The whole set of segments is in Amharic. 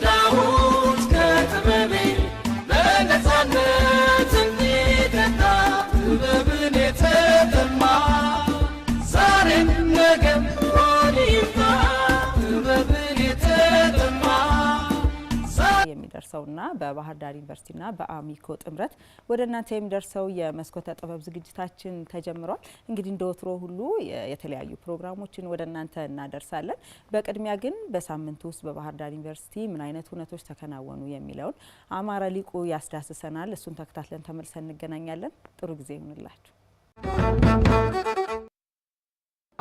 Daoud. በደረሰውና በባህር ዳር ዩኒቨርሲቲና በአሚኮ ጥምረት ወደ እናንተ የሚደርሰው የመስኮተ ጥበብ ዝግጅታችን ተጀምሯል። እንግዲህ እንደ ወትሮ ሁሉ የተለያዩ ፕሮግራሞችን ወደ እናንተ እናደርሳለን። በቅድሚያ ግን በሳምንቱ ውስጥ በባህር ዳር ዩኒቨርሲቲ ምን አይነት እውነቶች ተከናወኑ የሚለውን አማረ ሊቁ ያስዳስሰናል። እሱን ተከታትለን ተመልሰን እንገናኛለን። ጥሩ ጊዜ ይሁንላችሁ።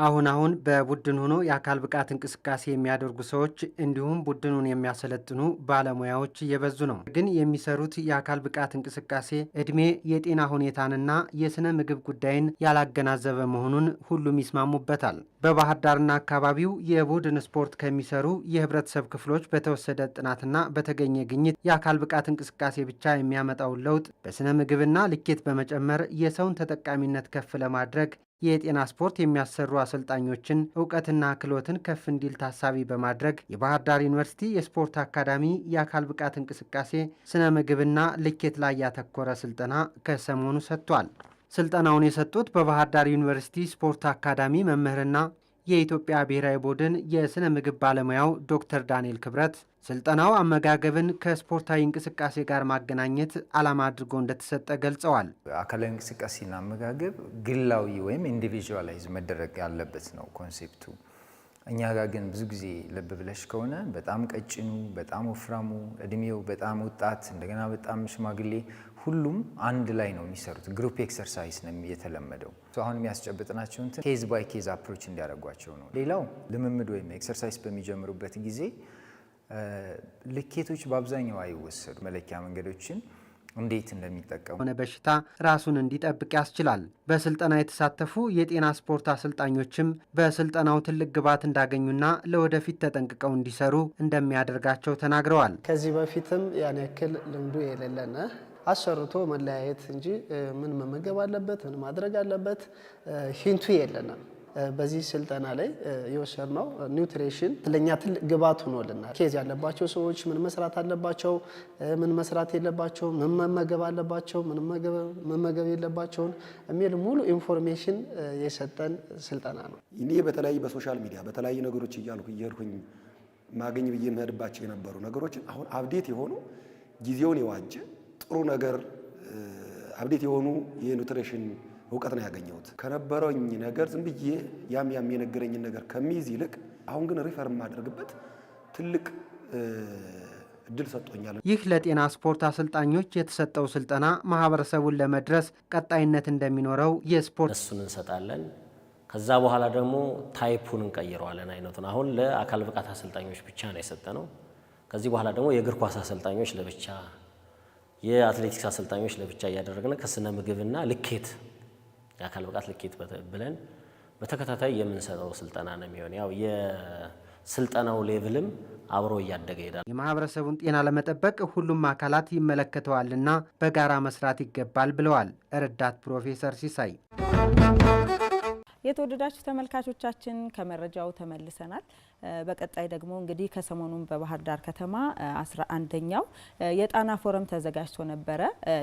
አሁን አሁን በቡድን ሆኖ የአካል ብቃት እንቅስቃሴ የሚያደርጉ ሰዎች እንዲሁም ቡድኑን የሚያሰለጥኑ ባለሙያዎች እየበዙ ነው። ግን የሚሰሩት የአካል ብቃት እንቅስቃሴ እድሜ፣ የጤና ሁኔታንና የስነ ምግብ ጉዳይን ያላገናዘበ መሆኑን ሁሉም ይስማሙበታል። በባህር ዳርና አካባቢው የቡድን ስፖርት ከሚሰሩ የህብረተሰብ ክፍሎች በተወሰደ ጥናትና በተገኘ ግኝት የአካል ብቃት እንቅስቃሴ ብቻ የሚያመጣውን ለውጥ በስነ ምግብና ልኬት በመጨመር የሰውን ተጠቃሚነት ከፍ ለማድረግ የጤና ስፖርት የሚያሰሩ አሰልጣኞችን እውቀትና ክህሎትን ከፍ እንዲል ታሳቢ በማድረግ የባህር ዳር ዩኒቨርሲቲ የስፖርት አካዳሚ የአካል ብቃት እንቅስቃሴ ስነ ምግብና ልኬት ላይ ያተኮረ ስልጠና ከሰሞኑ ሰጥቷል። ስልጠናውን የሰጡት በባህር ዳር ዩኒቨርሲቲ ስፖርት አካዳሚ መምህርና የኢትዮጵያ ብሔራዊ ቡድን የሥነ ምግብ ባለሙያው ዶክተር ዳንኤል ክብረት ስልጠናው አመጋገብን ከስፖርታዊ እንቅስቃሴ ጋር ማገናኘት ዓላማ አድርጎ እንደተሰጠ ገልጸዋል። አካላዊ እንቅስቃሴና አመጋገብ ግላዊ ወይም ኢንዲቪዥዋላይዝ መደረግ ያለበት ነው ኮንሴፕቱ። እኛ ጋር ግን ብዙ ጊዜ ልብ ብለሽ ከሆነ በጣም ቀጭኑ፣ በጣም ወፍራሙ፣ እድሜው በጣም ወጣት፣ እንደገና በጣም ሽማግሌ ሁሉም አንድ ላይ ነው የሚሰሩት። ግሩፕ ኤክሰርሳይዝ ነው የተለመደው። አሁን የሚያስጨብጥናቸው እንትን ኬዝ ባይ ኬዝ አፕሮች እንዲያደርጓቸው ነው። ሌላው ልምምድ ወይም ኤክሰርሳይዝ በሚጀምሩበት ጊዜ ልኬቶች በአብዛኛው አይወሰዱ። መለኪያ መንገዶችን እንዴት እንደሚጠቀሙ ሆነ በሽታ ራሱን እንዲጠብቅ ያስችላል። በስልጠና የተሳተፉ የጤና ስፖርት አሰልጣኞችም በስልጠናው ትልቅ ግብዓት እንዳገኙና ለወደፊት ተጠንቅቀው እንዲሰሩ እንደሚያደርጋቸው ተናግረዋል። ከዚህ በፊትም ያን ያክል ልምዱ የሌለነ አሰርቶ መለያየት እንጂ ምን መመገብ አለበት፣ ምን ማድረግ አለበት ሂንቱ የለንም። በዚህ ስልጠና ላይ የወሰድነው ኒውትሪሽን ለእኛ ትልቅ ግብዓት ሆኖልናል። ኬዝ ያለባቸው ሰዎች ምን መስራት አለባቸው፣ ምን መስራት የለባቸው፣ ምን መመገብ አለባቸው፣ ምን መመገብ የለባቸውን የሚል ሙሉ ኢንፎርሜሽን የሰጠን ስልጠና ነው። እኔ በተለያዩ በሶሻል ሚዲያ በተለያዩ ነገሮች እያልኩ እየሄድኩኝ ማገኝ ብዬ የምሄድባቸው የነበሩ ነገሮችን አሁን አብዴት የሆኑ ጊዜውን የዋጀ ጥሩ ነገር አብዴት የሆኑ የኑትሪሽን እውቀት ነው ያገኘሁት። ከነበረኝ ነገር ዝም ብዬ ያም ያም የነገረኝን ነገር ከሚይዝ ይልቅ አሁን ግን ሪፈር የማደርግበት ትልቅ እድል ሰጥቶኛል። ይህ ለጤና ስፖርት አሰልጣኞች የተሰጠው ስልጠና ማህበረሰቡን ለመድረስ ቀጣይነት እንደሚኖረው የስፖርት እሱን እንሰጣለን። ከዛ በኋላ ደግሞ ታይፑን እንቀይረዋለን አይነቱን። አሁን ለአካል ብቃት አሰልጣኞች ብቻ ነው የሰጠ ነው። ከዚህ በኋላ ደግሞ የእግር ኳስ አሰልጣኞች ለብቻ የአትሌቲክስ አሰልጣኞች ለብቻ እያደረግን ከስነ ምግብና ልኬት የአካል ብቃት ልኬት ብለን በተከታታይ የምንሰጠው ስልጠና ነው የሚሆን። ያው የስልጠናው ሌቭልም አብሮ እያደገ ይሄዳል። የማህበረሰቡን ጤና ለመጠበቅ ሁሉም አካላት ይመለከተዋልና በጋራ መስራት ይገባል ብለዋል ረዳት ፕሮፌሰር ሲሳይ። የተወደዳችሁ ተመልካቾቻችን ከመረጃው ተመልሰናል። በቀጣይ ደግሞ እንግዲህ ከሰሞኑን በባህር ዳር ከተማ አስራ አንደኛው የጣና ፎረም ተዘጋጅቶ ነበረ።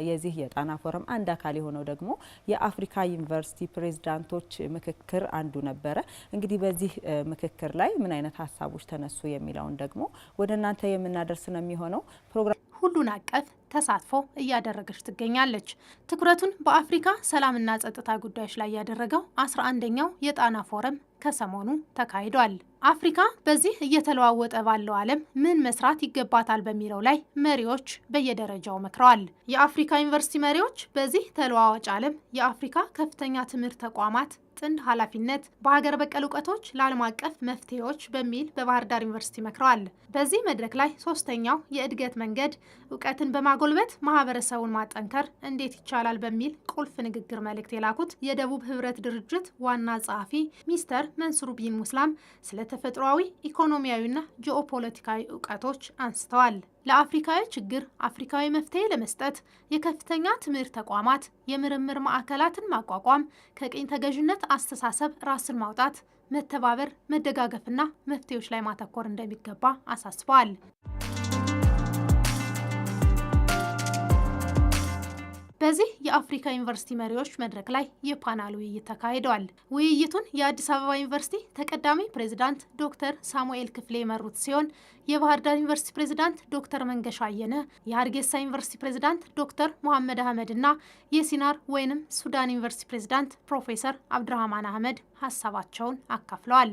የዚህ የጣና ፎረም አንድ አካል የሆነው ደግሞ የአፍሪካ ዩኒቨርሲቲ ፕሬዝዳንቶች ምክክር አንዱ ነበረ። እንግዲህ በዚህ ምክክር ላይ ምን አይነት ሀሳቦች ተነሱ የሚለውን ደግሞ ወደ እናንተ የምናደርስ ነው የሚሆነው ፕሮግራም ሁሉን አቀፍ ተሳትፎ እያደረገች ትገኛለች። ትኩረቱን በአፍሪካ ሰላምና ጸጥታ ጉዳዮች ላይ ያደረገው አስራ አንደኛው የጣና ፎረም ከሰሞኑ ተካሂዷል። አፍሪካ በዚህ እየተለዋወጠ ባለው ዓለም ምን መስራት ይገባታል በሚለው ላይ መሪዎች በየደረጃው መክረዋል። የአፍሪካ ዩኒቨርሲቲ መሪዎች በዚህ ተለዋዋጭ ዓለም የአፍሪካ ከፍተኛ ትምህርት ተቋማት የሚመጥን ኃላፊነት በሀገር በቀል እውቀቶች ለዓለም አቀፍ መፍትሄዎች በሚል በባህር ዳር ዩኒቨርሲቲ መክረዋል። በዚህ መድረክ ላይ ሶስተኛው የእድገት መንገድ እውቀትን በማጎልበት ማህበረሰቡን ማጠንከር እንዴት ይቻላል በሚል ቁልፍ ንግግር መልእክት የላኩት የደቡብ ህብረት ድርጅት ዋና ጸሐፊ ሚስተር መንስሩ ቢን ሙስላም ስለ ተፈጥሯዊ ኢኮኖሚያዊና ጂኦፖለቲካዊ እውቀቶች አንስተዋል። ለአፍሪካዊ ችግር አፍሪካዊ መፍትሄ ለመስጠት የከፍተኛ ትምህርት ተቋማት፣ የምርምር ማዕከላትን ማቋቋም፣ ከቅኝ ተገዥነት አስተሳሰብ ራስን ማውጣት፣ መተባበር፣ መደጋገፍና መፍትሄዎች ላይ ማተኮር እንደሚገባ አሳስበዋል። በዚህ የአፍሪካ ዩኒቨርሲቲ መሪዎች መድረክ ላይ የፓናል ውይይት ተካሂደዋል። ውይይቱን የአዲስ አበባ ዩኒቨርሲቲ ተቀዳሚ ፕሬዚዳንት ዶክተር ሳሙኤል ክፍሌ የመሩት ሲሆን የባህር ዳር ዩኒቨርሲቲ ፕሬዚዳንት ዶክተር መንገሻ አየነ፣ የሀርጌሳ ዩኒቨርሲቲ ፕሬዚዳንት ዶክተር መሐመድ አህመድ እና የሲናር ወይንም ሱዳን ዩኒቨርሲቲ ፕሬዚዳንት ፕሮፌሰር አብድርሃማን አህመድ ሀሳባቸውን አካፍለዋል።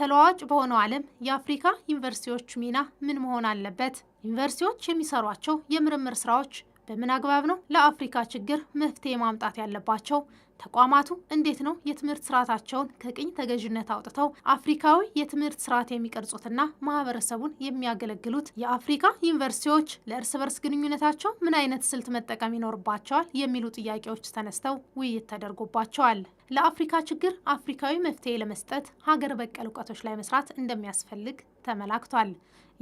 ተለዋዋጭ በሆነው ዓለም የአፍሪካ ዩኒቨርሲቲዎች ሚና ምን መሆን አለበት? ዩኒቨርሲቲዎች የሚሰሯቸው የምርምር ስራዎች በምን አግባብ ነው ለአፍሪካ ችግር መፍትሄ ማምጣት ያለባቸው? ተቋማቱ እንዴት ነው የትምህርት ስርዓታቸውን ከቅኝ ተገዥነት አውጥተው አፍሪካዊ የትምህርት ስርዓት የሚቀርጹትና ማህበረሰቡን የሚያገለግሉት? የአፍሪካ ዩኒቨርሲቲዎች ለእርስ በርስ ግንኙነታቸው ምን አይነት ስልት መጠቀም ይኖርባቸዋል? የሚሉ ጥያቄዎች ተነስተው ውይይት ተደርጎባቸዋል። ለአፍሪካ ችግር አፍሪካዊ መፍትሄ ለመስጠት ሀገር በቀል እውቀቶች ላይ መስራት እንደሚያስፈልግ ተመላክቷል።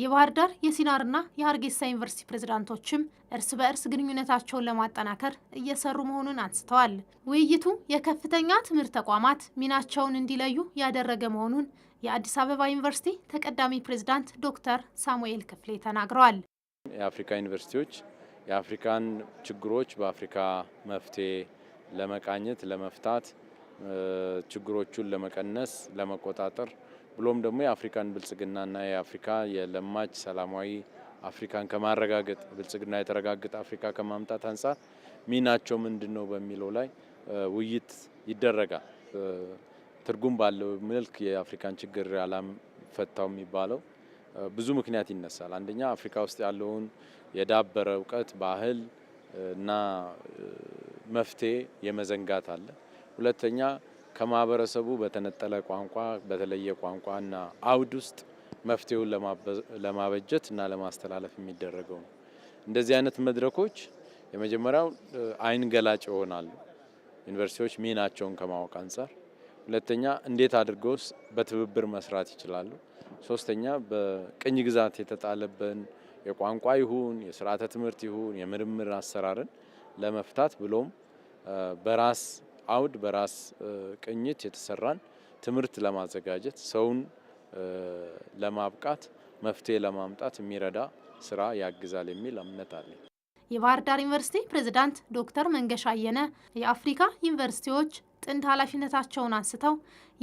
የባህር ዳር የሲናርና የሀርጌሳ ዩኒቨርሲቲ ፕሬዝዳንቶችም እርስ በእርስ ግንኙነታቸውን ለማጠናከር እየሰሩ መሆኑን አንስተዋል። ውይይቱ የከፍተኛ ትምህርት ተቋማት ሚናቸውን እንዲለዩ ያደረገ መሆኑን የአዲስ አበባ ዩኒቨርሲቲ ተቀዳሚ ፕሬዝዳንት ዶክተር ሳሙኤል ክፍሌ ተናግረዋል። የአፍሪካ ዩኒቨርሲቲዎች የአፍሪካን ችግሮች በአፍሪካ መፍትሄ ለመቃኘት፣ ለመፍታት፣ ችግሮቹን ለመቀነስ፣ ለመቆጣጠር ብሎም ደግሞ የአፍሪካን ብልጽግናና የአፍሪካ የለማች ሰላማዊ አፍሪካን ከማረጋገጥ ብልጽግና የተረጋገጠ አፍሪካ ከማምጣት አንጻር ሚናቸው ምንድን ነው በሚለው ላይ ውይይት ይደረጋል። ትርጉም ባለው መልክ የአፍሪካን ችግር አላም ፈታው የሚባለው ብዙ ምክንያት ይነሳል። አንደኛ አፍሪካ ውስጥ ያለውን የዳበረ እውቀት፣ ባህል እና መፍትሄ የመዘንጋት አለ። ሁለተኛ ከማህበረሰቡ በተነጠለ ቋንቋ በተለየ ቋንቋና አውድ ውስጥ መፍትሄውን ለማበጀት እና ለማስተላለፍ የሚደረገው ነው። እንደዚህ አይነት መድረኮች የመጀመሪያው አይን ገላጭ ይሆናሉ፣ ዩኒቨርሲቲዎች ሚናቸውን ከማወቅ አንጻር። ሁለተኛ እንዴት አድርገውስ በትብብር መስራት ይችላሉ። ሶስተኛ በቅኝ ግዛት የተጣለብን የቋንቋ ይሁን የስርዓተ ትምህርት ይሁን የምርምር አሰራርን ለመፍታት ብሎም በራስ አውድ በራስ ቅኝት የተሰራን ትምህርት ለማዘጋጀት ሰውን ለማብቃት መፍትሄ ለማምጣት የሚረዳ ስራ ያግዛል የሚል እምነት አለኝ። የባህር ዳር ዩኒቨርሲቲ ፕሬዝዳንት ዶክተር መንገሻ አየነ የአፍሪካ ዩኒቨርሲቲዎች ጥንድ ኃላፊነታቸውን አንስተው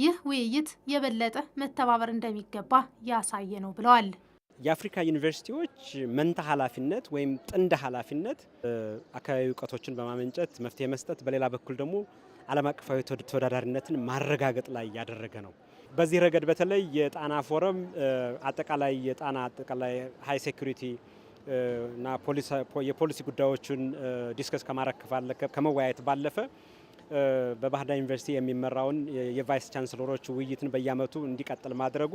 ይህ ውይይት የበለጠ መተባበር እንደሚገባ ያሳየ ነው ብለዋል። የአፍሪካ ዩኒቨርሲቲዎች መንታ ኃላፊነት ወይም ጥንድ ኃላፊነት አካባቢ እውቀቶችን በማመንጨት መፍትሄ መስጠት፣ በሌላ በኩል ደግሞ ዓለም አቀፋዊ ተወዳዳሪነትን ማረጋገጥ ላይ ያደረገ ነው። በዚህ ረገድ በተለይ የጣና ፎረም አጠቃላይ የጣና አጠቃላይ ሀይ ሴኩሪቲ እና የፖሊሲ ጉዳዮችን ዲስከስ ከማረግ ከመወያየት ባለፈ በባህር ዳር ዩኒቨርሲቲ የሚመራውን የቫይስ ቻንስለሮች ውይይትን በየዓመቱ እንዲቀጥል ማድረጉ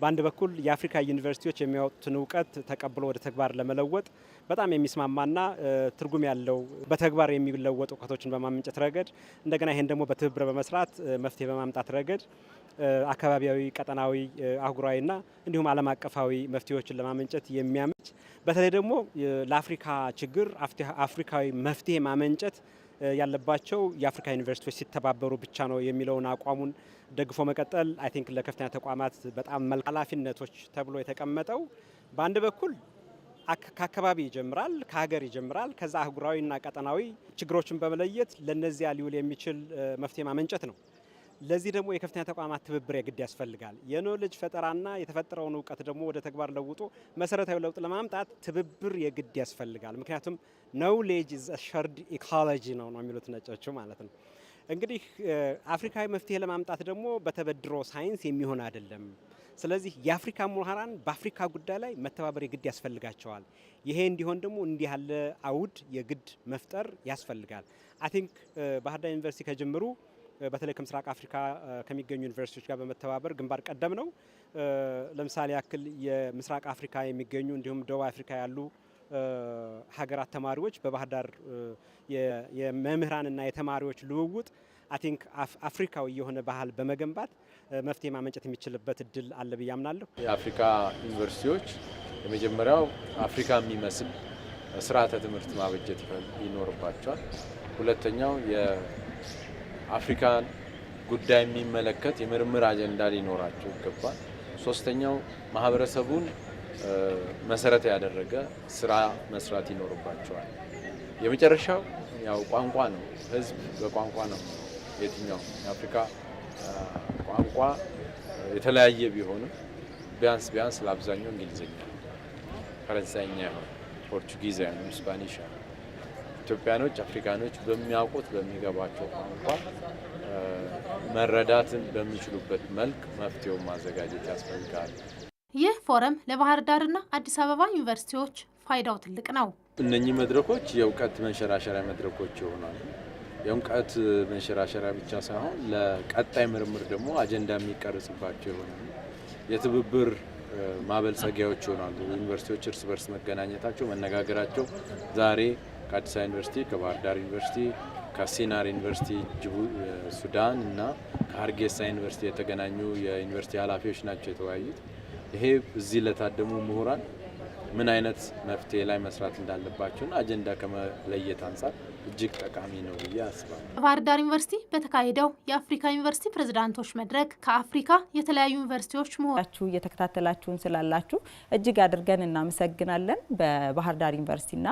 በአንድ በኩል የአፍሪካ ዩኒቨርሲቲዎች የሚያወጡትን እውቀት ተቀብሎ ወደ ተግባር ለመለወጥ በጣም የሚስማማና ትርጉም ያለው በተግባር የሚለወጡ እውቀቶችን በማመንጨት ረገድ እንደገና ይህን ደግሞ በትብብር በመስራት መፍትሄ በማምጣት ረገድ አካባቢያዊ፣ ቀጠናዊ፣ አህጉራዊና እንዲሁም ዓለም አቀፋዊ መፍትሄዎችን ለማመንጨት የሚያመች በተለይ ደግሞ ለአፍሪካ ችግር አፍሪካዊ መፍትሄ ማመንጨት ያለባቸው የአፍሪካ ዩኒቨርሲቲዎች ሲተባበሩ ብቻ ነው የሚለውን አቋሙን ደግፎ መቀጠል አይ ቲንክ ለከፍተኛ ተቋማት በጣም መልካም ኃላፊነቶች ተብሎ የተቀመጠው በአንድ በኩል ከአካባቢ ይጀምራል፣ ከሀገር ይጀምራል። ከዛ አህጉራዊና ቀጠናዊ ችግሮችን በመለየት ለነዚያ ሊውል የሚችል መፍትሄ ማመንጨት ነው። ለዚህ ደግሞ የከፍተኛ ተቋማት ትብብር የግድ ያስፈልጋል። የኖሌጅ ፈጠራና የተፈጠረውን እውቀት ደግሞ ወደ ተግባር ለውጦ መሰረታዊ ለውጥ ለማምጣት ትብብር የግድ ያስፈልጋል። ምክንያቱም ኖውሌጅ ኢዝ ሸርድ ኢኮሎጂ ነው ነው የሚሉት ነጮቹ ማለት ነው። እንግዲህ አፍሪካዊ መፍትሄ ለማምጣት ደግሞ በተበድሮ ሳይንስ የሚሆን አይደለም። ስለዚህ የአፍሪካ ምሁራን በአፍሪካ ጉዳይ ላይ መተባበር የግድ ያስፈልጋቸዋል። ይሄ እንዲሆን ደግሞ እንዲህ ያለ አውድ የግድ መፍጠር ያስፈልጋል። አይ ቲንክ ባህር ዳር ዩኒቨርሲቲ ከጀምሩ በተለይ ከምስራቅ አፍሪካ ከሚገኙ ዩኒቨርሲቲዎች ጋር በመተባበር ግንባር ቀደም ነው። ለምሳሌ ያክል የምስራቅ አፍሪካ የሚገኙ እንዲሁም ደቡብ አፍሪካ ያሉ ሀገራት ተማሪዎች በባህር ዳር የመምህራንና የተማሪዎች ልውውጥ አቲንክ አፍሪካዊ የሆነ ባህል በመገንባት መፍትሄ ማመንጨት የሚችልበት እድል አለ ብዬ አምናለሁ። የአፍሪካ ዩኒቨርሲቲዎች የመጀመሪያው አፍሪካ የሚመስል ስርዓተ ትምህርት ማበጀት ይኖርባቸዋል። ሁለተኛው የአፍሪካን ጉዳይ የሚመለከት የምርምር አጀንዳ ሊኖራቸው ይገባል። ሶስተኛው ማህበረሰቡን መሰረት ያደረገ ስራ መስራት ይኖርባቸዋል። የመጨረሻው ያው ቋንቋ ነው። ህዝብ በቋንቋ ነው። የትኛው የአፍሪካ ቋንቋ የተለያየ ቢሆንም ቢያንስ ቢያንስ ለአብዛኛው እንግሊዝኛ፣ ፈረንሳይኛ ይሆን፣ ፖርቱጊዝ ያሆን፣ ስፓኒሽ ኢትዮጵያኖች፣ አፍሪካኖች በሚያውቁት በሚገባቸው ቋንቋ መረዳትን በሚችሉበት መልክ መፍትሄውን ማዘጋጀት ያስፈልጋል። ይህ ፎረም ለባህር ዳርና አዲስ አበባ ዩኒቨርሲቲዎች ፋይዳው ትልቅ ነው። እነኚህ መድረኮች የእውቀት መንሸራሸሪያ መድረኮች ይሆናሉ። የእውቀት መንሸራሸሪያ ብቻ ሳይሆን ለቀጣይ ምርምር ደግሞ አጀንዳ የሚቀርጽባቸው ይሆናሉ። የትብብር ማበልጸጊያዎች ይሆናሉ። ዩኒቨርሲቲዎች እርስ በርስ መገናኘታቸው፣ መነጋገራቸው ዛሬ ከአዲስ አበባ ዩኒቨርሲቲ፣ ከባህር ዳር ዩኒቨርሲቲ፣ ከሲናር ዩኒቨርሲቲ ሱዳን እና ከሀርጌሳ ዩኒቨርሲቲ የተገናኙ የዩኒቨርሲቲ ኃላፊዎች ናቸው የተወያዩት። ይሄ እዚህ ለታደሙ ምሁራን ምን አይነት መፍትሄ ላይ መስራት እንዳለባቸውና አጀንዳ ከመለየት አንጻር እጅግ ጠቃሚ ነው ብዬ አስባለሁ። ባህር ዳር ዩኒቨርሲቲ በተካሄደው የአፍሪካ ዩኒቨርሲቲ ፕሬዝዳንቶች መድረክ ከአፍሪካ የተለያዩ ዩኒቨርሲቲዎች መሆናችሁ እየተከታተላችሁን ስላላችሁ እጅግ አድርገን እናመሰግናለን። በባህር ዳር ዩኒቨርሲቲና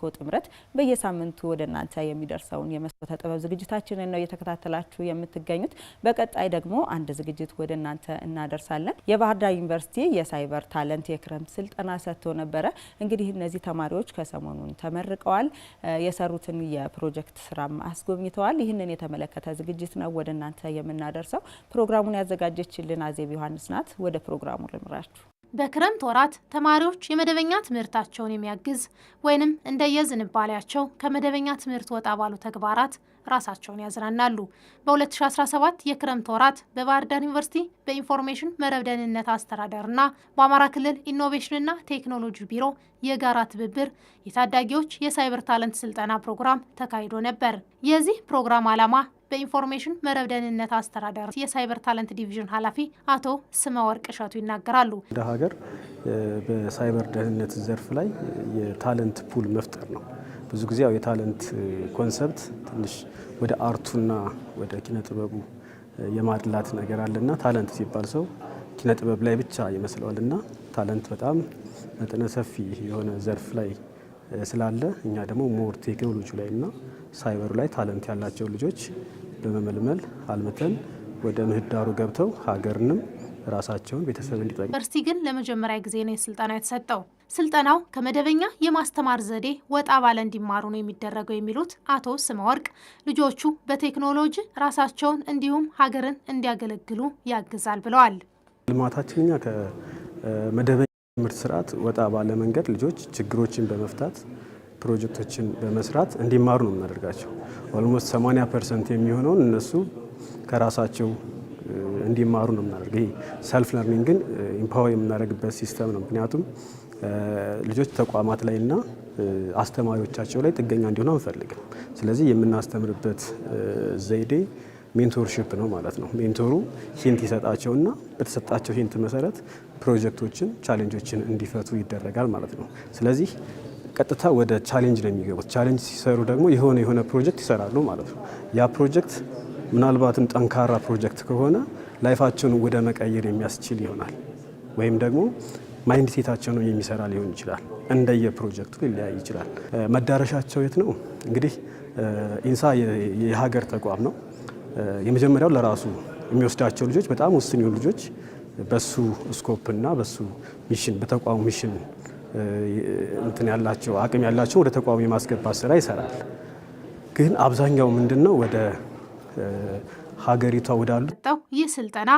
ከ ጥምረት በየሳምንቱ ወደ እናንተ የሚደርሰውን የመስኮተ ጥበብ ዝግጅታችንን ነው እየተከታተላችሁ የምትገኙት። በቀጣይ ደግሞ አንድ ዝግጅት ወደ እናንተ እናደርሳለን። የባህር ዳር ዩኒቨርሲቲ የሳይበር ታለንት የክረምት ስልጠና ሰጥቶ ነበረ። እንግዲህ እነዚህ ተማሪዎች ከሰሞኑን ተመርቀዋል። የሰሩትን የፕሮጀክት ስራም አስጎብኝተዋል። ይህንን የተመለከተ ዝግጅት ነው ወደ እናንተ የምናደርሰው። ፕሮግራሙን ያዘጋጀችልን አዜብ ዮሐንስ ናት። ወደ ፕሮግራሙ ልምራችሁ። በክረምት ወራት ተማሪዎች የመደበኛ ትምህርታቸውን የሚያግዝ ወይንም የዝንባሌያቸው ከመደበኛ ትምህርት ወጣ ባሉ ተግባራት ራሳቸውን ያዝናናሉ። በ2017 የክረምት ወራት በባህር ዳር ዩኒቨርሲቲ በኢንፎርሜሽን መረብ ደህንነት አስተዳደርና በአማራ ክልል ኢኖቬሽንና ቴክኖሎጂ ቢሮ የጋራ ትብብር የታዳጊዎች የሳይበር ታለንት ስልጠና ፕሮግራም ተካሂዶ ነበር። የዚህ ፕሮግራም ዓላማ በኢንፎርሜሽን መረብ ደህንነት አስተዳደር የሳይበር ታለንት ዲቪዥን ኃላፊ አቶ ስመወርቅ እሸቱ ይናገራሉ። እንደ ሀገር በሳይበር ደህንነት ዘርፍ ላይ የታለንት ፑል መፍጠር ነው። ብዙ ጊዜ ያው የታለንት ኮንሰፕት ትንሽ ወደ አርቱና ወደ ኪነ ጥበቡ የማድላት ነገር አለና ታለንት ሲባል ሰው ኪነ ጥበብ ላይ ብቻ ይመስለዋልና ታለንት በጣም መጠነ ሰፊ የሆነ ዘርፍ ላይ ስላለ እኛ ደግሞ ሞር ቴክኖሎጂ ላይ እና ሳይበሩ ላይ ታለንት ያላቸው ልጆች በመመልመል አልምተን ወደ ምህዳሩ ገብተው ሀገርንም ራሳቸውን ቤተሰብ እንዲጠ ዩኒቨርሲቲ ግን ለመጀመሪያ ጊዜ ነው የስልጠና የተሰጠው። ስልጠናው ከመደበኛ የማስተማር ዘዴ ወጣ ባለ እንዲማሩ ነው የሚደረገው የሚሉት አቶ ስመወርቅ ልጆቹ በቴክኖሎጂ ራሳቸውን እንዲሁም ሀገርን እንዲያገለግሉ ያግዛል ብለዋል። ልማታችን እኛ ትምህርት ስርዓት ወጣ ባለ መንገድ ልጆች ችግሮችን በመፍታት ፕሮጀክቶችን በመስራት እንዲማሩ ነው የምናደርጋቸው። ኦልሞስት 80 ፐርሰንት የሚሆነውን እነሱ ከራሳቸው እንዲማሩ ነው የምናደርገው። ይሄ ሰልፍ ለርኒንግን ኢምፓወር የምናደርግበት ሲስተም ነው። ምክንያቱም ልጆች ተቋማት ላይ እና አስተማሪዎቻቸው ላይ ጥገኛ እንዲሆኑ አንፈልግም። ስለዚህ የምናስተምርበት ዘይዴ ሜንቶርሺፕ ነው ማለት ነው። ሜንቶሩ ሂንት ይሰጣቸውና በተሰጣቸው ሂንት መሰረት ፕሮጀክቶችን፣ ቻሌንጆችን እንዲፈቱ ይደረጋል ማለት ነው። ስለዚህ ቀጥታ ወደ ቻሌንጅ ነው የሚገቡት። ቻሌንጅ ሲሰሩ ደግሞ የሆነ የሆነ ፕሮጀክት ይሰራሉ ማለት ነው። ያ ፕሮጀክት ምናልባትም ጠንካራ ፕሮጀክት ከሆነ ላይፋቸውን ወደ መቀየር የሚያስችል ይሆናል ወይም ደግሞ ማይንድ ነው የሚሰራ ሊሆን ይችላል። እንደየ ፕሮጀክቱ ሊለያይ ይችላል። መዳረሻቸው የት ነው? እንግዲህ ኢንሳ የሀገር ተቋም ነው። የመጀመሪያው ለራሱ የሚወስዳቸው ልጆች በጣም ውስን የሆኑ ልጆች በሱ እና በሱ ሚሽን በተቋሙ ሚሽን እንትን ያላቸው አቅም ያላቸው ወደ ተቋሙ የማስገባት ስራ ይሰራል። ግን አብዛኛው ምንድን ነው ወደ ሀገሪቷ ወዳሉ ይህ ስልጠና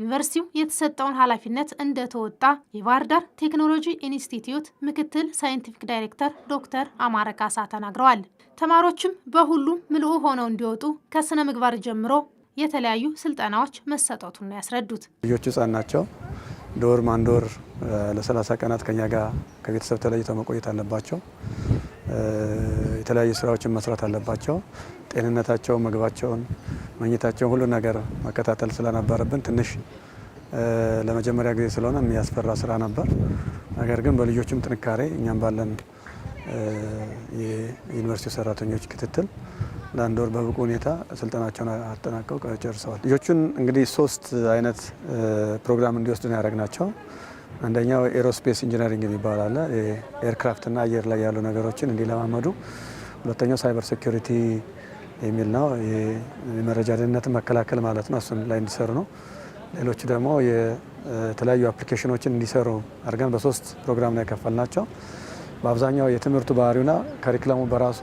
ዩኒቨርሲቲው የተሰጠውን ኃላፊነት እንደተወጣ የባህር ዳር ቴክኖሎጂ ኢንስቲትዩት ምክትል ሳይንቲፊክ ዳይሬክተር ዶክተር አማረ ካሳ ተናግረዋል። ተማሪዎችም በሁሉም ምልኡ ሆነው እንዲወጡ ከስነ ምግባር ጀምሮ የተለያዩ ስልጠናዎች መሰጠቱን ነው ያስረዱት። ልጆቹ ህጻን ናቸው። ዶር ማንዶር ለ30 ቀናት ከኛ ጋር ከቤተሰብ ተለይተው መቆየት አለባቸው። የተለያዩ ስራዎችን መስራት አለባቸው። ጤንነታቸው፣ ምግባቸውን፣ መኝታቸውን ሁሉ ነገር መከታተል ስለነበረብን ትንሽ ለመጀመሪያ ጊዜ ስለሆነ የሚያስፈራ ስራ ነበር። ነገር ግን በልጆችም ጥንካሬ እኛም ባለን የዩኒቨርሲቲ ሰራተኞች ክትትል ለአንድ ወር በብቁ ሁኔታ ስልጠናቸውን አጠናቀው ጨርሰዋል። ልጆቹን እንግዲህ ሶስት አይነት ፕሮግራም እንዲወስዱ ነው ያደረግናቸው። አንደኛው ኤሮስፔስ ኢንጂነሪንግ የሚባል አለ። ኤርክራፍትና አየር ላይ ያሉ ነገሮችን እንዲለማመዱ። ሁለተኛው ሳይበር ሴኩሪቲ የሚል ነው። የመረጃ ደህንነትን መከላከል ማለት ነው። እሱን ላይ እንዲሰሩ ነው። ሌሎቹ ደግሞ የተለያዩ አፕሊኬሽኖችን እንዲሰሩ አድርገን በሶስት ፕሮግራም ነው የከፈልናቸው። በአብዛኛው የትምህርቱ ባህሪውና ከሪክለሙ በራሱ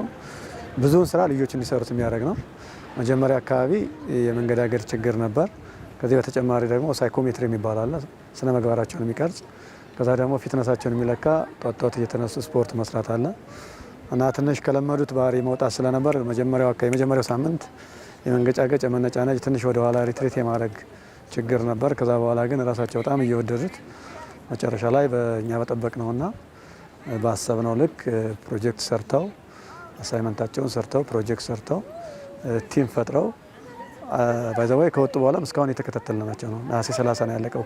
ብዙውን ስራ ልጆች እንዲሰሩት የሚያደርግ ነው። መጀመሪያ አካባቢ የመንገዳገድ ችግር ነበር። ከዚህ በተጨማሪ ደግሞ ሳይኮሜትሪ የሚባል አለ፣ ስነ ምግባራቸውን የሚቀርጽ ከዛ ደግሞ ፊትነሳቸውን የሚለካ ጧት ጧት እየተነሱ ስፖርት መስራት አለ እና ትንሽ ከለመዱት ባህሪ መውጣት ስለነበር መጀመሪያው አካባቢ የመጀመሪያው ሳምንት የመንገጫገጭ የመነጫነጭ ትንሽ ወደ ኋላ ሪትሪት የማድረግ ችግር ነበር። ከዛ በኋላ ግን ራሳቸው በጣም እየወደዱት መጨረሻ ላይ በእኛ በጠበቅ ነውና ባሰብነው ልክ ፕሮጀክት ሰርተው አሳይመንታቸውን ሰርተው ፕሮጀክት ሰርተው ቲም ፈጥረው ባይዘባይ uh, ከወጡ በኋላ እስካሁን የተከታተልን ናቸው ነው። ነሐሴ 30 ነው ያለቀው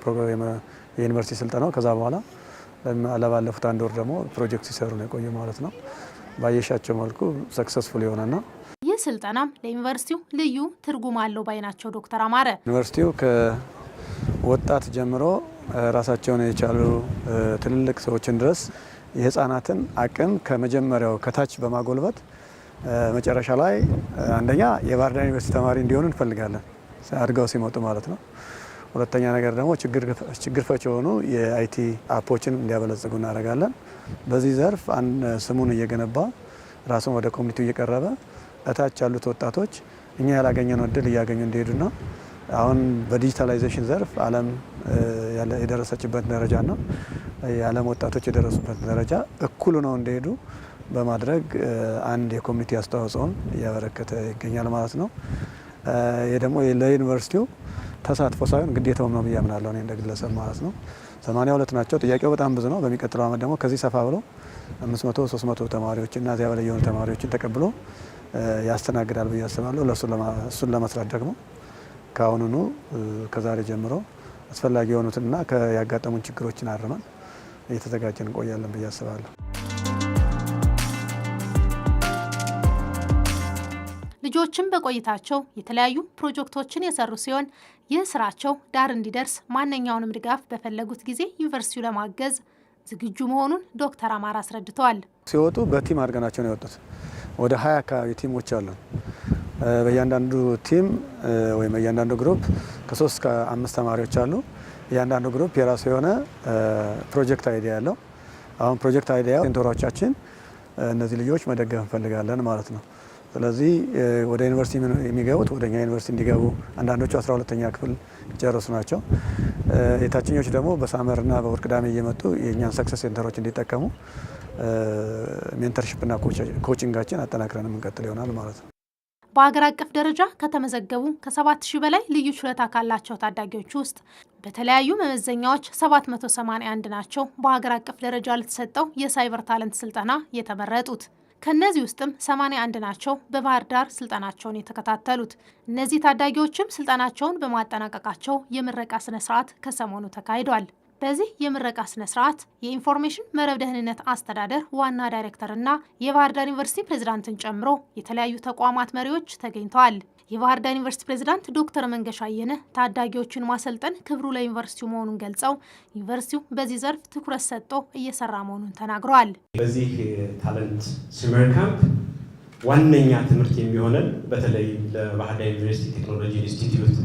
የዩኒቨርሲቲ ስልጠናው። ከዛ በኋላ ለባለፉት አንድ ወር ደግሞ ፕሮጀክት ሲሰሩ ነው የቆዩ ማለት ነው። ባየሻቸው መልኩ ሰክሰስፉል የሆነና ይህ ስልጠናም ለዩኒቨርሲቲው ልዩ ትርጉም አለው ባይ ናቸው ዶክተር አማረ። ዩኒቨርሲቲው ከወጣት ጀምሮ uh, ራሳቸውን የቻሉ uh, ትልልቅ ሰዎችን ድረስ የህፃናትን አቅም ከመጀመሪያው ከታች በማጎልበት መጨረሻ ላይ አንደኛ የባህር ዳር ዩኒቨርሲቲ ተማሪ እንዲሆኑ እንፈልጋለን፣ አድገው ሲመጡ ማለት ነው። ሁለተኛ ነገር ደግሞ ችግር ፈች የሆኑ የአይቲ አፖችን እንዲያበለጽጉ እናደርጋለን። በዚህ ዘርፍ ስሙን እየገነባ ራሱን ወደ ኮሚኒቲው እየቀረበ እታች ያሉት ወጣቶች እኛ ያላገኘነው እድል እያገኙ እንዲሄዱና አሁን በዲጂታላይዜሽን ዘርፍ ዓለም የደረሰችበት ደረጃና የዓለም ወጣቶች የደረሱበት ደረጃ እኩል ነው እንዲሄዱ በማድረግ አንድ የኮሚኒቲ አስተዋጽኦን እያበረከተ ይገኛል ማለት ነው። ይህ ደግሞ ለዩኒቨርሲቲው ተሳትፎ ሳይሆን ግዴታውም ነው ብዬ አምናለሁ እኔ እንደ ግለሰብ ማለት ነው። ሰማንያ ሁለት ናቸው። ጥያቄው በጣም ብዙ ነው። በሚቀጥለው ዓመት ደግሞ ከዚህ ሰፋ ብሎ አምስት መቶ ሶስት መቶ እና እዚያ በላይ የሆኑ ተማሪዎችን ተቀብሎ ያስተናግዳል ብዬ አስባለሁ። እሱን ለመስራት ደግሞ ከአሁኑኑ ከዛሬ ጀምሮ አስፈላጊ የሆኑትንና ያጋጠሙን ችግሮችን አርመን እየተዘጋጀን እንቆያለን ብዬ አስባለሁ። ልጆችም በቆይታቸው የተለያዩ ፕሮጀክቶችን የሰሩ ሲሆን ይህ ስራቸው ዳር እንዲደርስ ማንኛውንም ድጋፍ በፈለጉት ጊዜ ዩኒቨርሲቲው ለማገዝ ዝግጁ መሆኑን ዶክተር አማራ አስረድተዋል። ሲወጡ በቲም አድርገናቸው ነው የወጡት። ወደ ሀያ አካባቢ ቲሞች አሉ። በእያንዳንዱ ቲም ወይም በእያንዳንዱ ግሩፕ ከሶስት ከአምስት ተማሪዎች አሉ። እያንዳንዱ ግሩፕ የራሱ የሆነ ፕሮጀክት አይዲያ ያለው አሁን ፕሮጀክት አይዲያ ሴንተሮቻችን እነዚህ ልጆች መደገፍ እንፈልጋለን ማለት ነው። ስለዚህ ወደ ዩኒቨርሲቲ የሚገቡት ወደኛ ዩኒቨርሲቲ እንዲገቡ አንዳንዶቹ አስራ ሁለተኛ ክፍል ጨረሱ ናቸው። የታችኞች ደግሞ በሳመርና በእሁድ ቅዳሜ እየመጡ የእኛን ሰክሰስ ሴንተሮች እንዲጠቀሙ ሜንተርሽፕና ኮችንጋችን አጠናክረን የምንቀጥል ይሆናል ማለት ነው። በሀገር አቀፍ ደረጃ ከተመዘገቡ ከ7000 በላይ ልዩ ችሎታ ካላቸው ታዳጊዎች ውስጥ በተለያዩ መመዘኛዎች 781 ናቸው በሀገር አቀፍ ደረጃ ለተሰጠው የሳይበር ታለንት ስልጠና የተመረጡት። ከእነዚህ ውስጥም 81 ናቸው በባህር ዳር ስልጠናቸውን የተከታተሉት። እነዚህ ታዳጊዎችም ስልጠናቸውን በማጠናቀቃቸው የምረቃ ስነ ስርዓት ከሰሞኑ ተካሂዷል። በዚህ የምረቃ ስነ ስርዓት የኢንፎርሜሽን መረብ ደህንነት አስተዳደር ዋና ዳይሬክተርና የባህር ዳር ዩኒቨርሲቲ ፕሬዝዳንትን ጨምሮ የተለያዩ ተቋማት መሪዎች ተገኝተዋል። የባህር ዳር ዩኒቨርሲቲ ፕሬዚዳንት ዶክተር መንገሻ አየነ ታዳጊዎችን ማሰልጠን ክብሩ ለዩኒቨርሲቲው መሆኑን ገልጸው ዩኒቨርሲቲው በዚህ ዘርፍ ትኩረት ሰጥቶ እየሰራ መሆኑን ተናግረዋል። በዚህ ታለንት ስዊመር ካምፕ ዋነኛ ትምህርት የሚሆነን በተለይ ለባህር ዳር ዩኒቨርሲቲ ቴክኖሎጂ ኢንስቲትዩት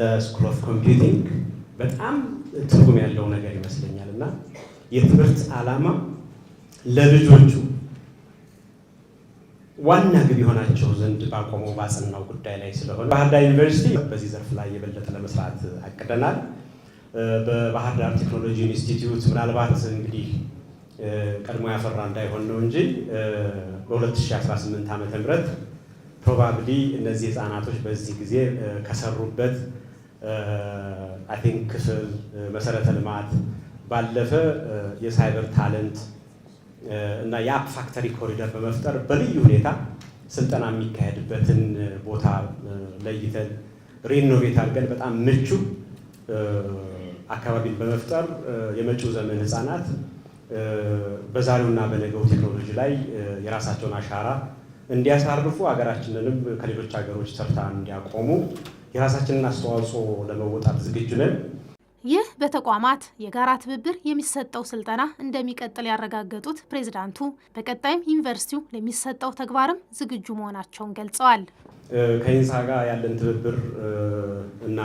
ለስኩል ኦፍ ኮምፒውቲንግ በጣም ትርጉም ያለው ነገር ይመስለኛል እና የትምህርት ዓላማ ለልጆቹ ዋና ግብ የሆናቸው ዘንድ ባቆመው ባጽናው ጉዳይ ላይ ስለሆነ ባህር ዳር ዩኒቨርሲቲ በዚህ ዘርፍ ላይ የበለጠ ለመስራት አቅደናል። በባህር ዳር ቴክኖሎጂ ኢንስቲትዩት ምናልባት እንግዲህ ቀድሞ ያፈራ እንዳይሆን ነው እንጂ በ2018 ዓ ም ፕሮባብሊ እነዚህ ህፃናቶች በዚህ ጊዜ ከሰሩበት አይ ቲንክ ክፍል መሰረተ ልማት ባለፈ የሳይበር ታለንት እና የአፕ ፋክተሪ ኮሪደር በመፍጠር በልዩ ሁኔታ ስልጠና የሚካሄድበትን ቦታ ለይተን ሪኖቬት አድርገን በጣም ምቹ አካባቢን በመፍጠር የመጪው ዘመን ህፃናት በዛሬውና በነገው ቴክኖሎጂ ላይ የራሳቸውን አሻራ እንዲያሳርፉ ሀገራችንንም ከሌሎች ሀገሮች ሰርታ እንዲያቆሙ የራሳችንን አስተዋጽኦ ለመወጣት ዝግጁ ነን። ይህ በተቋማት የጋራ ትብብር የሚሰጠው ስልጠና እንደሚቀጥል ያረጋገጡት ፕሬዝዳንቱ በቀጣይም ዩኒቨርሲቲው ለሚሰጠው ተግባርም ዝግጁ መሆናቸውን ገልጸዋል። ከኢንሳ ጋር ያለን ትብብር እና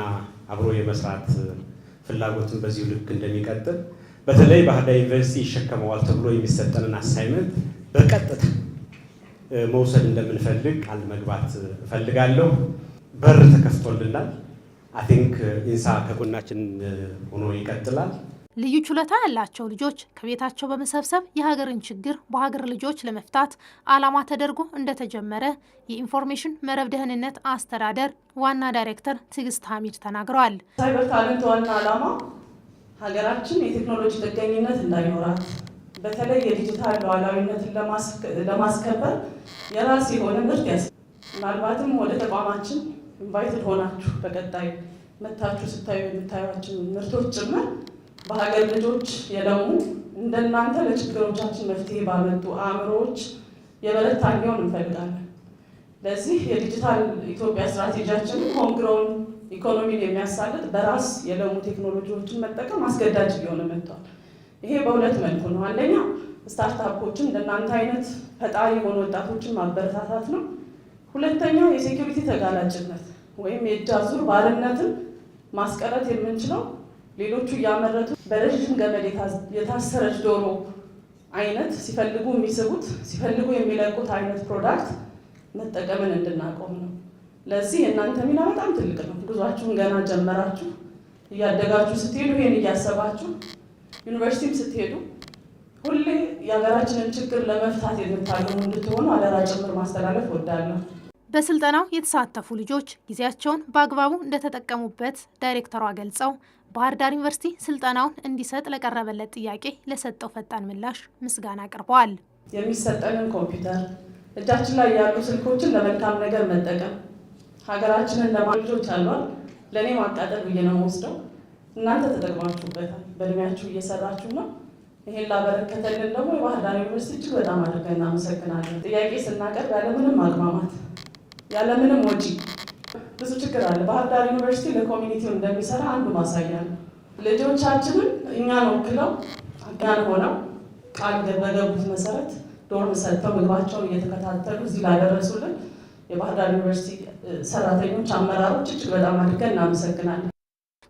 አብሮ የመስራት ፍላጎትን በዚሁ ልክ እንደሚቀጥል በተለይ ባህር ዳር ዩኒቨርሲቲ ይሸከመዋል ተብሎ የሚሰጠንን አሳይመንት በቀጥታ መውሰድ እንደምንፈልግ ቃል መግባት እፈልጋለሁ። በር ተከፍቶልናል። አይ ቲንክ ኢንሳ ከጎናችን uh, ሆኖ ይቀጥላል። ልዩ ችሎታ ያላቸው ልጆች ከቤታቸው በመሰብሰብ የሀገርን ችግር በሀገር ልጆች ለመፍታት ዓላማ ተደርጎ እንደተጀመረ የኢንፎርሜሽን መረብ ደህንነት አስተዳደር ዋና ዳይሬክተር ትዕግስት ሀሚድ ተናግረዋል። ሳይበር ታለንት ዋና ዓላማ ሀገራችን የቴክኖሎጂ ጥገኝነት እንዳይኖራት በተለይ የዲጂታል ሉዓላዊነትን ለማስከበር የራስ የሆነ ምርት ያስ ምናልባትም ወደ ተቋማችን ኢንቫይትድ ሆናችሁ በቀጣይ መታችሁ ስታዩ የምታዩችን ምርቶች ጭምር በሀገር ልጆች የለሙ እንደናንተ ለችግሮቻችን መፍትሄ ባመጡ አእምሮዎች የበረታ እንዲሆን እንፈልጋለን። ለዚህ የዲጂታል ኢትዮጵያ ስትራቴጂያችን ሆምግሮን ኢኮኖሚን የሚያሳልጥ በራስ የለሙ ቴክኖሎጂዎችን መጠቀም አስገዳጅ እየሆነ መጥቷል። ይሄ በሁለት መልኩ ነው። አንደኛ ስታርታፖችን እንደናንተ አይነት ፈጣሪ የሆኑ ወጣቶችን ማበረታታት ነው። ሁለተኛው የሴኪሪቲ ተጋላጭነት ወይም የእጅ አዙር ባርነትን ማስቀረት የምንችለው ሌሎቹ እያመረቱ በረዥም ገመድ የታሰረች ዶሮ አይነት ሲፈልጉ የሚስቡት ሲፈልጉ የሚለቁት አይነት ፕሮዳክት መጠቀምን እንድናቆም ነው። ለዚህ የእናንተ ሚና በጣም ትልቅ ነው። ጉዟችሁን ገና ጀመራችሁ። እያደጋችሁ ስትሄዱ ይህን እያሰባችሁ ዩኒቨርሲቲም ስትሄዱ ሁሌ የሀገራችንን ችግር ለመፍታት የምታገሙ እንድትሆኑ አደራ ጭምር ማስተላለፍ እወዳለሁ። በስልጠናው የተሳተፉ ልጆች ጊዜያቸውን በአግባቡ እንደተጠቀሙበት ዳይሬክተሯ ገልጸው ባህር ዳር ዩኒቨርሲቲ ስልጠናውን እንዲሰጥ ለቀረበለት ጥያቄ ለሰጠው ፈጣን ምላሽ ምስጋና አቅርበዋል። የሚሰጠንን ኮምፒውተር እጃችን ላይ ያሉ ስልኮችን ለመልካም ነገር መጠቀም ሀገራችንን ለማጆች አሏል። ለእኔ ማቃጠል ብዬ ነው ወስደው እናንተ ተጠቅማችሁበታል። በእድሜያችሁ እየሰራችሁ ነው። ይሄን ላበረከተልን ደግሞ የባህር ዳር ዩኒቨርሲቲ እጅግ በጣም አድርገን እናመሰግናለን። ጥያቄ ስናቀርብ ያለምንም አግማማት ያለምንም ወጪ ብዙ ችግር አለ። ባህር ዳር ዩኒቨርሲቲ ለኮሚኒቲው እንደሚሰራ አንዱ ማሳያ ነው። ልጆቻችንን እኛን ወክለው አጋን ሆነው ቃል በገቡት መሰረት ዶርም ሰጥተው ምግባቸውን እየተከታተሉ እዚህ ላደረሱልን የባህር ዳር ዩኒቨርሲቲ ሰራተኞች፣ አመራሮች እጅግ በጣም አድርገን እናመሰግናለን።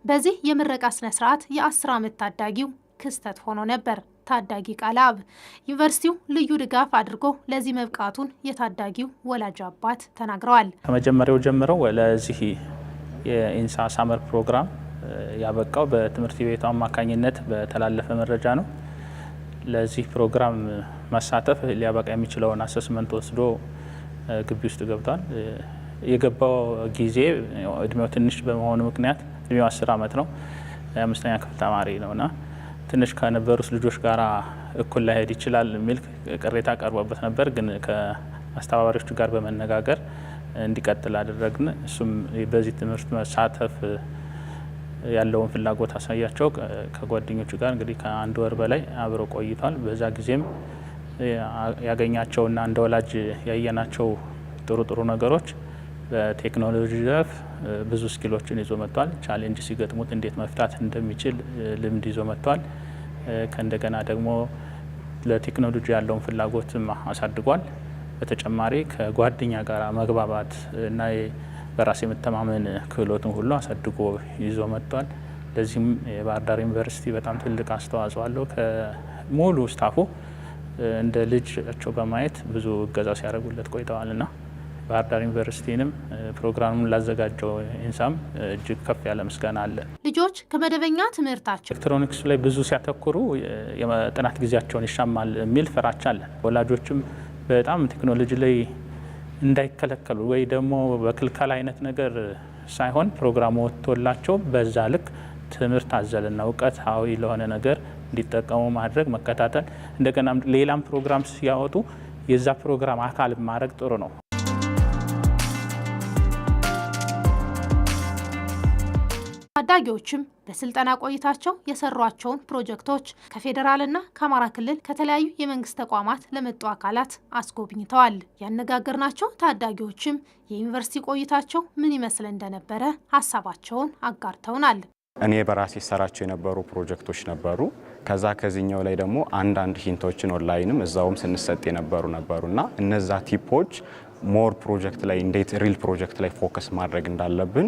በዚህ የምረቃ ስነስርዓት የአስር ዓመት ታዳጊው ክስተት ሆኖ ነበር። ታዳጊ ቃላብ ዩኒቨርሲቲው ልዩ ድጋፍ አድርጎ ለዚህ መብቃቱን የታዳጊው ወላጅ አባት ተናግረዋል። ከመጀመሪያው ጀምሮ ለዚህ የኢንሳ ሳመር ፕሮግራም ያበቃው በትምህርት ቤቱ አማካኝነት በተላለፈ መረጃ ነው። ለዚህ ፕሮግራም መሳተፍ ሊያበቃ የሚችለውን አሰስመንት ወስዶ ግቢ ውስጥ ገብቷል። የገባው ጊዜ እድሜው ትንሽ በመሆኑ ምክንያት እድሜው አስር ዓመት ነው። የአምስተኛ ክፍል ተማሪ ነውና ትንሽ ከነበሩት ልጆች ጋር እኩል ላይሄድ ይችላል የሚል ቅሬታ ቀርቦበት ነበር። ግን ከአስተባባሪዎቹ ጋር በመነጋገር እንዲቀጥል አደረግን። እሱም በዚህ ትምህርት መሳተፍ ያለውን ፍላጎት አሳያቸው። ከጓደኞቹ ጋር እንግዲህ ከአንድ ወር በላይ አብሮ ቆይቷል። በዛ ጊዜም ያገኛቸውና እንደ ወላጅ ያየናቸው ጥሩ ጥሩ ነገሮች በቴክኖሎጂ ዘርፍ ብዙ ስኪሎችን ይዞ መጥቷል። ቻሌንጅ ሲገጥሙት እንዴት መፍታት እንደሚችል ልምድ ይዞ መጥቷል። ከእንደገና ደግሞ ለቴክኖሎጂ ያለውን ፍላጎትም አሳድጓል። በተጨማሪ ከጓደኛ ጋር መግባባት እና በራስ የመተማመን ክህሎትን ሁሉ አሳድጎ ይዞ መጥቷል። ለዚህም የባህር ዳር ዩኒቨርሲቲ በጣም ትልቅ አስተዋጽኦ አለው። ከሙሉ ስታፉ እንደ ልጃቸው በማየት ብዙ እገዛ ሲያደርጉለት ቆይተዋል ና ባህር ዳር ዩኒቨርሲቲንም ፕሮግራሙን ላዘጋጀው ኢንሳም እጅግ ከፍ ያለ ምስጋና አለ። ልጆች ከመደበኛ ትምህርታቸው ኤሌክትሮኒክሱ ላይ ብዙ ሲያተኩሩ የጥናት ጊዜያቸውን ይሻማል የሚል ፍራቻ አለ ወላጆችም በጣም ቴክኖሎጂ ላይ እንዳይከለከሉ ወይ ደግሞ በክልከል አይነት ነገር ሳይሆን ፕሮግራሙ ወጥቶላቸው በዛ ልክ ትምህርት አዘልና እውቀታዊ ለሆነ ነገር እንዲጠቀሙ ማድረግ መከታተል፣ እንደገና ሌላም ፕሮግራም ሲያወጡ የዛ ፕሮግራም አካል ማድረግ ጥሩ ነው። ታዳጊዎችም በስልጠና ቆይታቸው የሰሯቸውን ፕሮጀክቶች ከፌዴራልና ከአማራ ክልል ከተለያዩ የመንግስት ተቋማት ለመጡ አካላት አስጎብኝተዋል። ያነጋገርናቸው ታዳጊዎችም የዩኒቨርሲቲ ቆይታቸው ምን ይመስል እንደነበረ ሀሳባቸውን አጋርተውናል። እኔ በራሴ ሰራቸው የነበሩ ፕሮጀክቶች ነበሩ። ከዛ ከዚህኛው ላይ ደግሞ አንዳንድ ሂንቶችን ኦንላይንም እዛውም ስንሰጥ የነበሩ እና እነዛ ቲፖች ሞር ፕሮጀክት ላይ እንዴት ሪል ፕሮጀክት ላይ ፎከስ ማድረግ እንዳለብን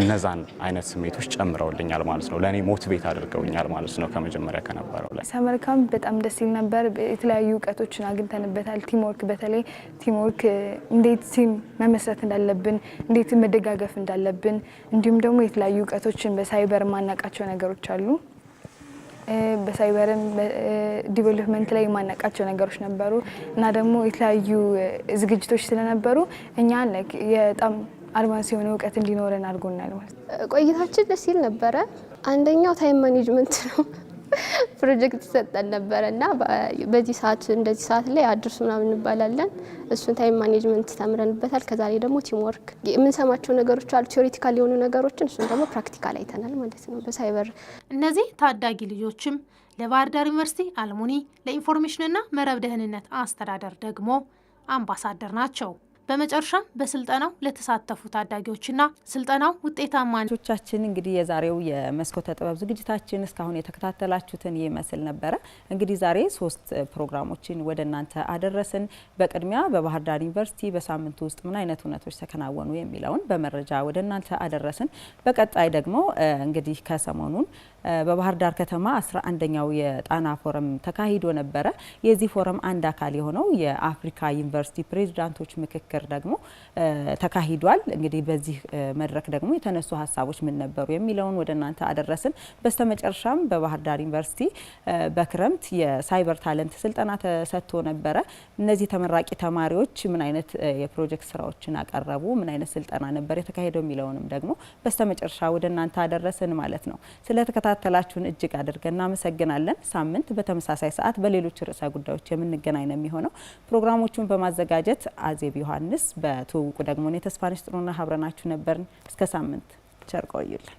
እነዛን አይነት ስሜቶች ጨምረውልኛል ማለት ነው። ለእኔ ሞቲቬት አድርገውኛል ማለት ነው። ከመጀመሪያ ከነበረው ላይ ሰመር ካምፕ በጣም ደስ ይል ነበር። የተለያዩ እውቀቶችን አግኝተንበታል። ቲምወርክ፣ በተለይ ቲምወርክ እንዴት ቲም መመስረት እንዳለብን፣ እንዴት መደጋገፍ እንዳለብን እንዲሁም ደግሞ የተለያዩ እውቀቶችን በሳይበር ማናቃቸው ነገሮች አሉ። በሳይበርም ዲቨሎፕመንት ላይ የማናቃቸው ነገሮች ነበሩ እና ደግሞ የተለያዩ ዝግጅቶች ስለነበሩ እኛ በጣም አድቫንስ የሆነ እውቀት እንዲኖረን አድርጎናል ማለት ነው። ቆይታችን ደስ ይል ነበረ። አንደኛው ታይም ማኔጅመንት ነው። ፕሮጀክት ይሰጠን ነበረ እና በዚህ ሰዓት እንደዚህ ሰዓት ላይ አድርሱ ምናምን እንባላለን። እሱን ታይም ማኔጅመንት ተምረንበታል። ከዛ ላይ ደግሞ ቲምወርክ የምንሰማቸው ነገሮች አሉ፣ ቲዮሬቲካል የሆኑ ነገሮችን እሱን ደግሞ ፕራክቲካል አይተናል ማለት ነው በሳይበር እነዚህ ታዳጊ ልጆችም ለባህር ዳር ዩኒቨርሲቲ አልሙኒ ለኢንፎርሜሽንና መረብ ደህንነት አስተዳደር ደግሞ አምባሳደር ናቸው። በመጨረሻም በስልጠናው ለተሳተፉ ታዳጊዎችና ስልጠናው ውጤታማ ቻችን እንግዲህ የዛሬው የመስኮተ ጥበብ ዝግጅታችን እስካሁን የተከታተላችሁትን ይመስል ነበረ። እንግዲህ ዛሬ ሶስት ፕሮግራሞችን ወደ እናንተ አደረስን። በቅድሚያ በባህር ዳር ዩኒቨርሲቲ በሳምንቱ ውስጥ ምን አይነት እውነቶች ተከናወኑ የሚለውን በመረጃ ወደ እናንተ አደረስን። በቀጣይ ደግሞ እንግዲህ ከሰሞኑን በባህር ዳር ከተማ አስራ አንደኛው የጣና ፎረም ተካሂዶ ነበረ። የዚህ ፎረም አንድ አካል የሆነው የአፍሪካ ዩኒቨርሲቲ ፕሬዚዳንቶች ምክክል ምክክር ደግሞ ተካሂዷል። እንግዲህ በዚህ መድረክ ደግሞ የተነሱ ሀሳቦች ምን ነበሩ የሚለውን ወደ እናንተ አደረስን። በስተመጨረሻም በባህር ዳር ዩኒቨርሲቲ በክረምት የሳይበር ታለንት ስልጠና ተሰጥቶ ነበረ። እነዚህ ተመራቂ ተማሪዎች ምን አይነት የፕሮጀክት ስራዎችን አቀረቡ፣ ምን አይነት ስልጠና ነበር የተካሄደው የሚለውንም ደግሞ በስተመጨረሻ ወደ እናንተ አደረስን ማለት ነው። ስለተከታተላችሁን እጅግ አድርገን እናመሰግናለን። ሳምንት በተመሳሳይ ሰዓት በሌሎች ርዕሰ ጉዳዮች የምንገናኝ ነው የሚሆነው። ፕሮግራሞቹን በማዘጋጀት አዜብ ዮሐን ዮሐንስ፣ በትውውቁ ደግሞ እኔ ተስፋነሽ ጥሩና ሀብረናችሁ ነበርን። እስከ ሳምንት ቸር ቆዩልን።